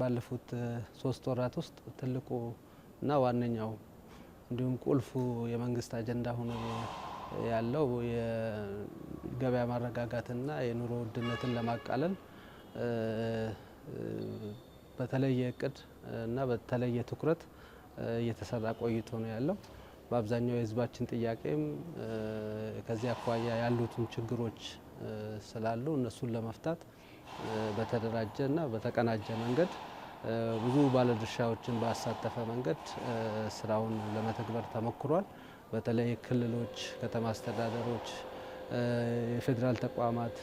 ባለፉት ሶስት ወራት ውስጥ ትልቁ እና ዋነኛው እንዲሁም ቁልፉ የመንግስት አጀንዳ ሆኖ ያለው የገበያ ማረጋጋትና የኑሮ ውድነትን ለማቃለል በተለየ እቅድ እና በተለየ ትኩረት እየተሰራ ቆይቶ ነው ያለው። በአብዛኛው የህዝባችን ጥያቄም ከዚህ አኳያ ያሉትን ችግሮች ስላሉ እነሱን ለመፍታት በተደራጀ እና በተቀናጀ መንገድ ብዙ ባለድርሻዎችን ባሳተፈ መንገድ ስራውን ለመተግበር ተሞክሯል። በተለይ ክልሎች፣ ከተማ አስተዳደሮች፣ የፌዴራል ተቋማት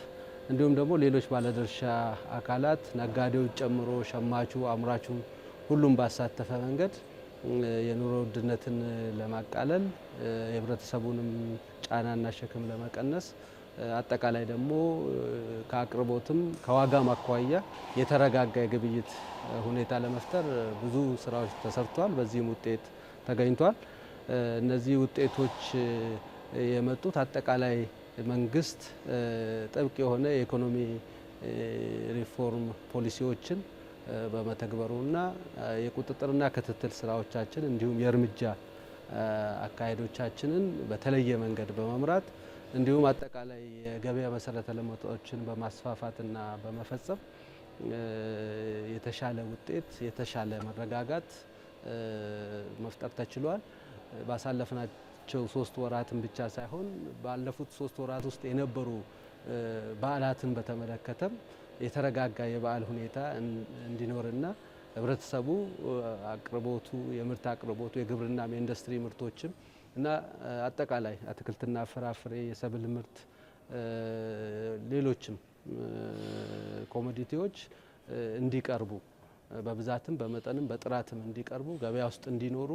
እንዲሁም ደግሞ ሌሎች ባለድርሻ አካላት ነጋዴዎች ጨምሮ ሸማቹ፣ አምራቹ ሁሉም ባሳተፈ መንገድ የኑሮ ውድነትን ለማቃለል የህብረተሰቡንም ጫናና ሸክም ለመቀነስ አጠቃላይ ደግሞ ከአቅርቦትም ከዋጋም አኳያ የተረጋጋ የግብይት ሁኔታ ለመፍጠር ብዙ ስራዎች ተሰርተዋል። በዚህም ውጤት ተገኝቷል። እነዚህ ውጤቶች የመጡት አጠቃላይ መንግስት ጥብቅ የሆነ የኢኮኖሚ ሪፎርም ፖሊሲዎችን በመተግበሩና የቁጥጥርና ክትትል ስራዎቻችን እንዲሁም የእርምጃ አካሄዶቻችንን በተለየ መንገድ በመምራት እንዲሁም አጠቃላይ የገበያ መሰረተ ልማቶችን በማስፋፋትና በመፈጸም የተሻለ ውጤት የተሻለ መረጋጋት መፍጠር ተችሏል። ባሳለፍናቸው ሶስት ወራትን ብቻ ሳይሆን ባለፉት ሶስት ወራት ውስጥ የነበሩ በዓላትን በተመለከተም የተረጋጋ የበዓል ሁኔታ እንዲኖርና ህብረተሰቡ አቅርቦቱ የምርት አቅርቦቱ የግብርና የኢንዱስትሪ ምርቶችም እና አጠቃላይ አትክልትና ፍራፍሬ የሰብል ምርት ሌሎችም ኮሞዲቲዎች እንዲቀርቡ በብዛትም በመጠንም በጥራትም እንዲቀርቡ ገበያ ውስጥ እንዲኖሩ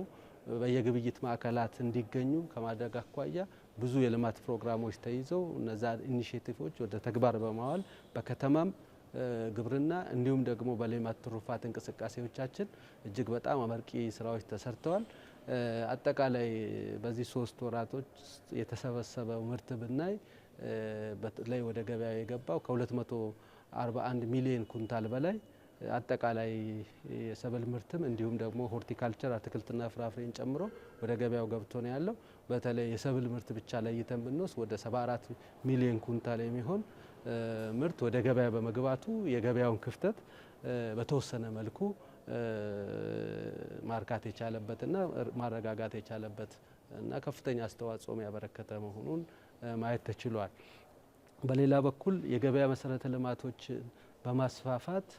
በየግብይት ማዕከላት እንዲገኙ ከማድረግ አኳያ ብዙ የልማት ፕሮግራሞች ተይዘው እነዛ ኢኒሽቲቮች ወደ ተግባር በማዋል በከተማም ግብርና እንዲሁም ደግሞ በሌማት ትሩፋት እንቅስቃሴዎቻችን እጅግ በጣም አመርቂ ስራዎች ተሰርተዋል። አጠቃላይ በዚህ ሶስት ወራቶች የተሰበሰበው ምርት ብናይ በተለይ ወደ ገበያ የገባው ከ241 ሚሊዮን ኩንታል በላይ አጠቃላይ የሰብል ምርትም እንዲሁም ደግሞ ሆርቲካልቸር አትክልትና ፍራፍሬን ጨምሮ ወደ ገበያው ገብቶ ነው ያለው። በተለይ የሰብል ምርት ብቻ ለይተን ብንወስድ ወደ 74 ሚሊዮን ኩንታል የሚሆን ምርት ወደ ገበያ በመግባቱ የገበያውን ክፍተት በተወሰነ መልኩ ማርካት የቻለበትና ማረጋጋት የቻለበት እና ከፍተኛ አስተዋጽኦም ያበረከተ መሆኑን ማየት ተችሏል። በሌላ በኩል የገበያ መሰረተ ልማቶችን በማስፋፋት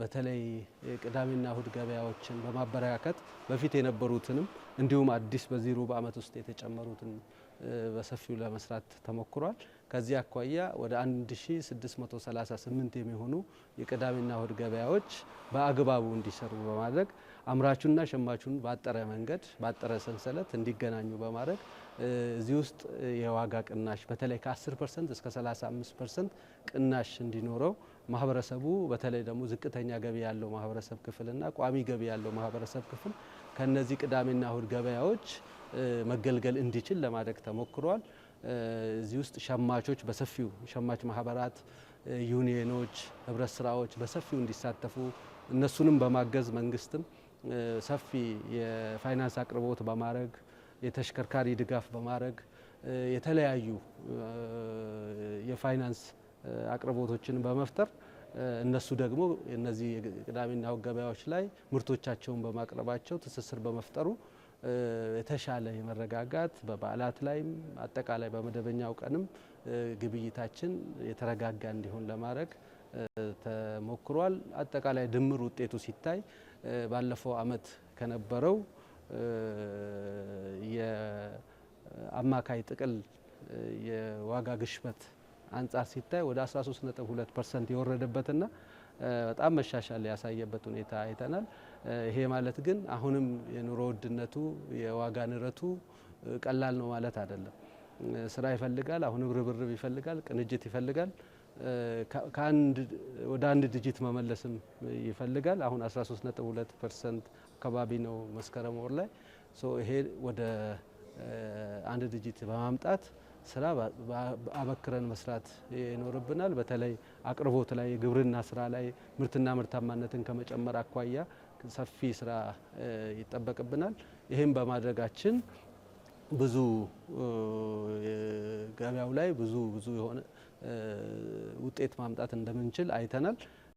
በተለይ ቅዳሜና እሁድ ገበያዎችን በማበረካከት በፊት የነበሩትንም እንዲሁም አዲስ በዚህ ሩብ ዓመት ውስጥ የተጨመሩትን በሰፊው ለመስራት ተሞክሯል። ከዚህ አኳያ ወደ 1638 የሚሆኑ የቅዳሜና እሁድ ገበያዎች በአግባቡ እንዲሰሩ በማድረግ አምራቹና ሸማቹን ባጠረ መንገድ ባጠረ ሰንሰለት እንዲገናኙ በማድረግ እዚህ ውስጥ የዋጋ ቅናሽ በተለይ ከ10 ፐርሰንት እስከ 35 ፐርሰንት ቅናሽ እንዲኖረው ማህበረሰቡ በተለይ ደግሞ ዝቅተኛ ገቢ ያለው ማህበረሰብ ክፍልና ቋሚ ገቢ ያለው ማህበረሰብ ክፍል ከነዚህ ቅዳሜና እሁድ ገበያዎች መገልገል እንዲችል ለማድረግ ተሞክሯል። እዚህ ውስጥ ሸማቾች በሰፊው ሸማች ማህበራት፣ ዩኒየኖች፣ ህብረት ስራዎች በሰፊው እንዲሳተፉ እነሱንም በማገዝ መንግስትም ሰፊ የፋይናንስ አቅርቦት በማድረግ የተሽከርካሪ ድጋፍ በማድረግ የተለያዩ የፋይናንስ አቅርቦቶችን በመፍጠር እነሱ ደግሞ እነዚህ የቅዳሜና እሁድ ገበያዎች ላይ ምርቶቻቸውን በማቅረባቸው ትስስር በመፍጠሩ የተሻለ የመረጋጋት በበዓላት ላይም አጠቃላይ በመደበኛው ቀንም ግብይታችን የተረጋጋ እንዲሆን ለማድረግ ተሞክሯል። አጠቃላይ ድምር ውጤቱ ሲታይ ባለፈው ዓመት ከነበረው የአማካይ ጥቅል የዋጋ ግሽበት አንጻር ሲታይ ወደ 13.2 ፐርሰንት የወረደበትና በጣም መሻሻል ያሳየበት ሁኔታ አይተናል። ይሄ ማለት ግን አሁንም የኑሮ ውድነቱ የዋጋ ንረቱ ቀላል ነው ማለት አይደለም። ስራ ይፈልጋል፣ አሁንም ርብርብ ይፈልጋል፣ ቅንጅት ይፈልጋል። ከአንድ ወደ አንድ ድጅት መመለስም ይፈልጋል። አሁን 13.2 ፐርሰንት አካባቢ ነው መስከረም ወር ላይ ይሄ ወደ አንድ ድጅት በማምጣት ስራ አበክረን መስራት ይኖርብናል። በተለይ አቅርቦት ላይ የግብርና ስራ ላይ ምርትና ምርታማነትን ከመጨመር አኳያ ሰፊ ስራ ይጠበቅብናል። ይህም በማድረጋችን ብዙ ገበያው ላይ ብዙ ብዙ የሆነ ውጤት ማምጣት እንደምንችል አይተናል።